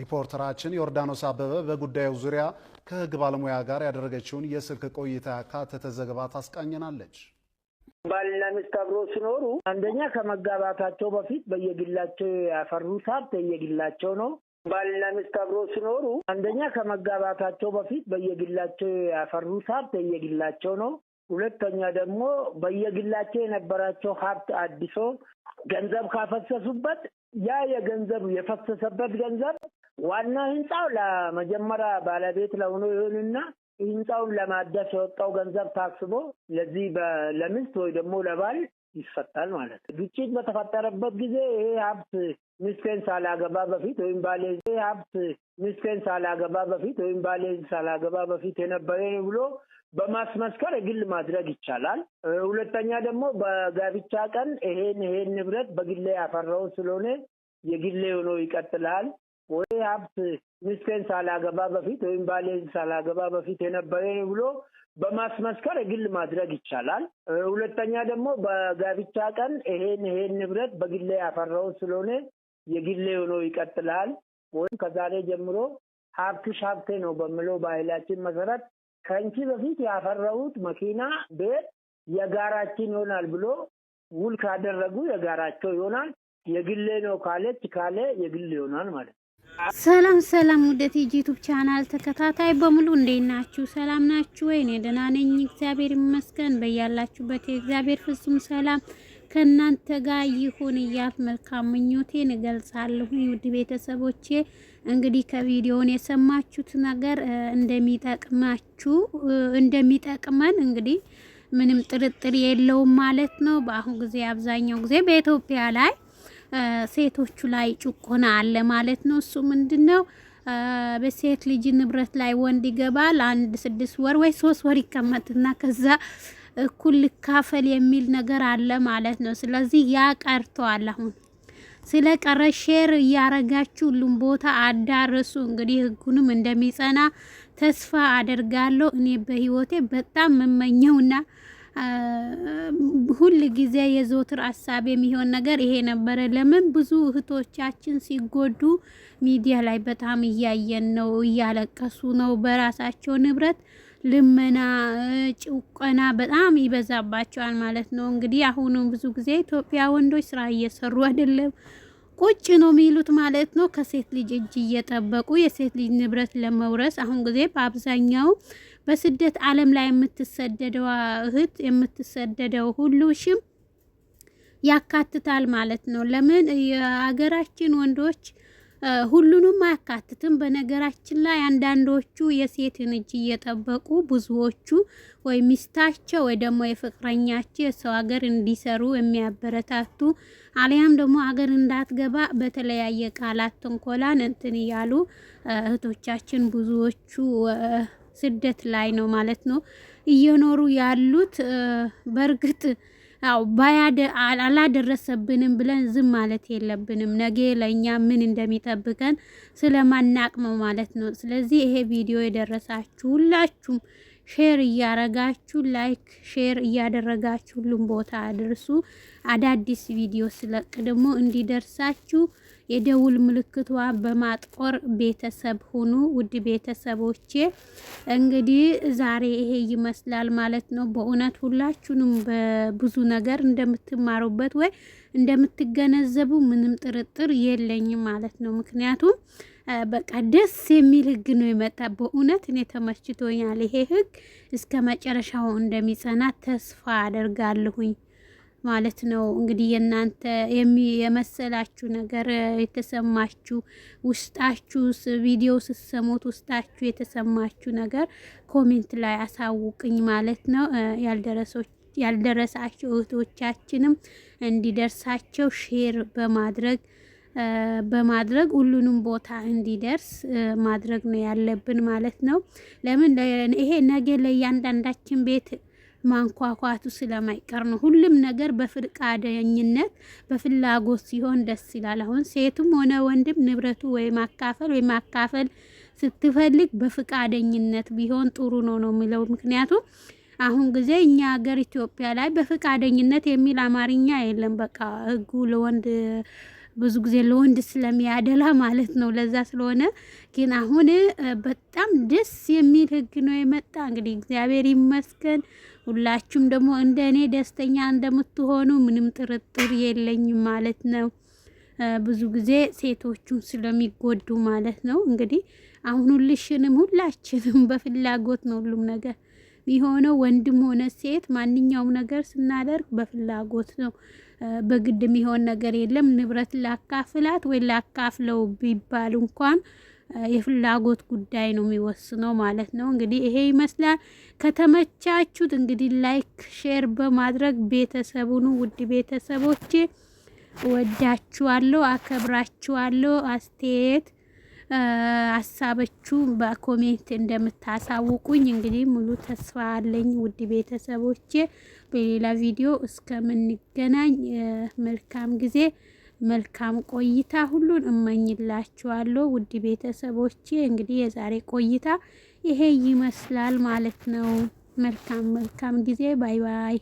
ሪፖርተራችን ዮርዳኖስ አበበ በጉዳዩ ዙሪያ ከህግ ባለሙያ ጋር ያደረገችውን የስልክ ቆይታ ያካተተ ዘገባ ታስቃኘናለች። ባልና ሚስት አብሮ ሲኖሩ አንደኛ ከመጋባታቸው በፊት በየግላቸው ያፈሩት ሀብት የየግላቸው ነው። ባልና ሚስት አብሮ ሲኖሩ አንደኛ ከመጋባታቸው በፊት በየግላቸው ያፈሩት ሀብት የየግላቸው ነው። ሁለተኛ ደግሞ በየግላቸው የነበራቸው ሀብት አድሶ ገንዘብ ካፈሰሱበት ያ የገንዘብ የፈሰሰበት ገንዘብ ዋና ህንፃው ለመጀመሪያ ባለቤት ለሆኖ ይሁንና ህንፃውን ለማደስ የወጣው ገንዘብ ታስቦ ለዚህ ለሚስት ወይ ደግሞ ለባል ይሰጣል ማለት ነው። ግጭት በተፈጠረበት ጊዜ ይሄ ሀብት ሚስቴን ሳላገባ በፊት ወይም ባሌ ይሄ ሀብት ሚስቴን ሳላገባ በፊት ወይም ባሌ ሳላገባ በፊት የነበረ ብሎ በማስመስከር የግል ማድረግ ይቻላል። ሁለተኛ ደግሞ በጋብቻ ቀን ይሄን ይሄን ንብረት በግሌ ያፈራው ስለሆነ የግሌ ሆኖ ይቀጥላል ወይ ሀብት ሚስቴን ሳላገባ በፊት ወይም ባሌን ሳላገባ በፊት የነበረ ብሎ በማስመስከር የግል ማድረግ ይቻላል። ሁለተኛ ደግሞ በጋብቻ ቀን ይሄን ይሄን ንብረት በግሌ ያፈራው ስለሆነ የግሌ ሆኖ ይቀጥላል ወይም ከዛሬ ጀምሮ ሀብትሽ ሀብቴ ነው በምለው ባህላችን መሰረት ከእንቺ በፊት ያፈረውት መኪና፣ ቤት የጋራችን ይሆናል ብሎ ውል ካደረጉ የጋራቸው ይሆናል። የግሌ ነው ካለች ካለ የግል ይሆናል ማለት ነው። ሰላም ሰላም፣ ውደት ዩቱብ ቻናል ተከታታይ በሙሉ እንዴት ናችሁ? ሰላም ናችሁ ወይ? እኔ ደህና ነኝ፣ እግዚአብሔር ይመስገን። በያላችሁበት የእግዚአብሔር ፍጹም ሰላም ከእናንተ ጋር ይሁን እያልኩ መልካም ምኞቴን እገልጻለሁ። ውድ ቤተሰቦቼ እንግዲህ ከቪዲዮውን የሰማችሁት ነገር እንደሚጠቅማችሁ እንደሚጠቅመን እንግዲህ ምንም ጥርጥር የለውም ማለት ነው። በአሁኑ ጊዜ አብዛኛው ጊዜ በኢትዮጵያ ላይ ሴቶቹ ላይ ጭቆና አለ ማለት ነው። እሱ ምንድን ነው? በሴት ልጅ ንብረት ላይ ወንድ ይገባል። አንድ ስድስት ወር ወይ ሶስት ወር ይቀመጥና ከዛ እኩል ልካፈል የሚል ነገር አለ ማለት ነው። ስለዚህ ያ ቀርቷል። አሁን ስለ ቀረ ሼር እያረጋችሁ ሁሉም ቦታ አዳርሱ። እንግዲህ ህጉንም እንደሚጸና ተስፋ አደርጋለሁ። እኔ በህይወቴ በጣም መመኘውና ሁል ጊዜ የዘወትር ሀሳብ የሚሆን ነገር ይሄ ነበረ። ለምን ብዙ እህቶቻችን ሲጎዱ ሚዲያ ላይ በጣም እያየን ነው። እያለቀሱ ነው በራሳቸው ንብረት ልመና፣ ጭቆና በጣም ይበዛባቸዋል ማለት ነው። እንግዲህ አሁኑ ብዙ ጊዜ ኢትዮጵያ ወንዶች ስራ እየሰሩ አይደለም፣ ቁጭ ነው የሚሉት ማለት ነው። ከሴት ልጅ እጅ እየጠበቁ የሴት ልጅ ንብረት ለመውረስ አሁን ጊዜ በአብዛኛው በስደት ዓለም ላይ የምትሰደደው እህት የምትሰደደው ሁሉ ሽም ያካትታል ማለት ነው። ለምን የሀገራችን ወንዶች ሁሉንም አያካትትም። በነገራችን ላይ አንዳንዶቹ የሴትን እጅ እየጠበቁ ብዙዎቹ ወይ ሚስታቸው ወይ ደግሞ የፍቅረኛቸው የሰው ሀገር እንዲሰሩ የሚያበረታቱ አሊያም ደግሞ ሀገር እንዳትገባ በተለያየ ቃላት ትንኮላን እንትን እያሉ እህቶቻችን ብዙዎቹ ስደት ላይ ነው ማለት ነው እየኖሩ ያሉት በእርግጥ አው ባያደ አላደረሰብንም ብለን ዝም ማለት የለብንም። ነገ ለእኛ ምን እንደሚጠብቀን ስለማናቅ ነው ማለት ነው። ስለዚህ ይሄ ቪዲዮ የደረሳችሁ ሁላችሁም ሼር እያረጋችሁ ላይክ ሼር እያደረጋችሁ ሁሉም ቦታ አድርሱ። አዳዲስ ቪዲዮ ስለቅ ደግሞ እንዲደርሳችሁ የደውል ምልክቷ በማጥቆር ቤተሰብ ሁኑ። ውድ ቤተሰቦቼ እንግዲህ ዛሬ ይሄ ይመስላል ማለት ነው። በእውነት ሁላችሁንም በብዙ ነገር እንደምትማሩበት ወይ እንደምትገነዘቡ ምንም ጥርጥር የለኝም ማለት ነው። ምክንያቱም በቃ ደስ የሚል ህግ ነው የመጣ። በእውነት እኔ ተመችቶኛል። ይሄ ህግ እስከ መጨረሻው እንደሚጸና ተስፋ አደርጋለሁኝ። ማለት ነው። እንግዲህ የእናንተ የመሰላችሁ ነገር የተሰማችሁ ውስጣችሁ ቪዲዮ ስትሰሙት ውስጣችሁ የተሰማችሁ ነገር ኮሜንት ላይ አሳውቅኝ ማለት ነው። ያልደረሶች ያልደረሳቸው እህቶቻችንም እንዲደርሳቸው ሼር በማድረግ በማድረግ ሁሉንም ቦታ እንዲደርስ ማድረግ ነው ያለብን ማለት ነው። ለምን ይሄ ነገ ለእያንዳንዳችን ቤት ማንኳኳቱ ስለማይቀር ነው። ሁሉም ነገር በፍቃደኝነት በፍላጎት ሲሆን ደስ ይላል። አሁን ሴቱም ሆነ ወንድም ንብረቱ ወይ ማካፈል ወይ ማካፈል ስትፈልግ በፍቃደኝነት ቢሆን ጥሩ ነው ነው የሚለው ምክንያቱም አሁን ጊዜ እኛ ሀገር ኢትዮጵያ ላይ በፍቃደኝነት የሚል አማርኛ የለም። በቃ ህጉ ለወንድ ብዙ ጊዜ ለወንድ ስለሚያደላ ማለት ነው። ለዛ ስለሆነ ግን አሁን በጣም ደስ የሚል ህግ ነው የመጣ። እንግዲህ እግዚአብሔር ይመስገን። ሁላችሁም ደግሞ እንደ እኔ ደስተኛ እንደምትሆኑ ምንም ጥርጥር የለኝም ማለት ነው። ብዙ ጊዜ ሴቶቹን ስለሚጎዱ ማለት ነው። እንግዲህ አሁን ሁልሽንም ሁላችንም በፍላጎት ነው ሁሉም ነገር የሆነው ወንድም ሆነ ሴት ማንኛውም ነገር ስናደርግ በፍላጎት ነው። በግድ የሚሆን ነገር የለም። ንብረት ላካፍላት ወይ ላካፍለው ቢባል እንኳን የፍላጎት ጉዳይ ነው የሚወስነው ማለት ነው። እንግዲህ ይሄ ይመስላል። ከተመቻቹት እንግዲህ ላይክ፣ ሼር በማድረግ ቤተሰቡን ውድ ቤተሰቦቼ ወዳችኋለሁ፣ አከብራችኋለሁ አስተያየት ሀሳበችሁ በኮሜንት እንደምታሳውቁኝ እንግዲህ ሙሉ ተስፋ አለኝ። ውድ ቤተሰቦቼ በሌላ ቪዲዮ እስከምንገናኝ መልካም ጊዜ፣ መልካም ቆይታ ሁሉን እመኝላችኋለሁ። ውድ ቤተሰቦቼ እንግዲህ የዛሬ ቆይታ ይሄ ይመስላል ማለት ነው። መልካም መልካም ጊዜ። ባይ ባይ።